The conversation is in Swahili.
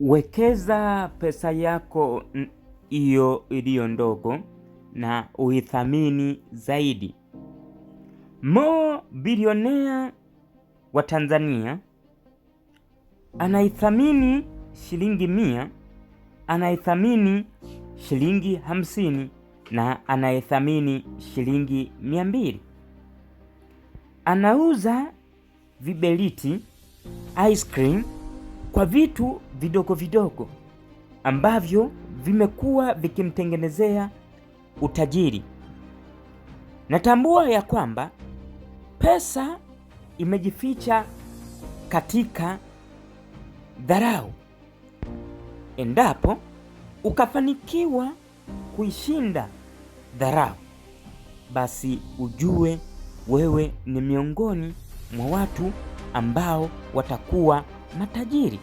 wekeza pesa yako hiyo iliyo ndogo na uithamini zaidi. Mo bilionea wa Tanzania anaithamini shilingi mia, anaithamini shilingi hamsini na anaithamini shilingi mia mbili. Anauza viberiti, ice cream kwa vitu vidogo vidogo ambavyo vimekuwa vikimtengenezea utajiri. Natambua ya kwamba pesa imejificha katika dharau. Endapo ukafanikiwa kuishinda dharau, basi ujue wewe ni miongoni mwa watu ambao watakuwa matajiri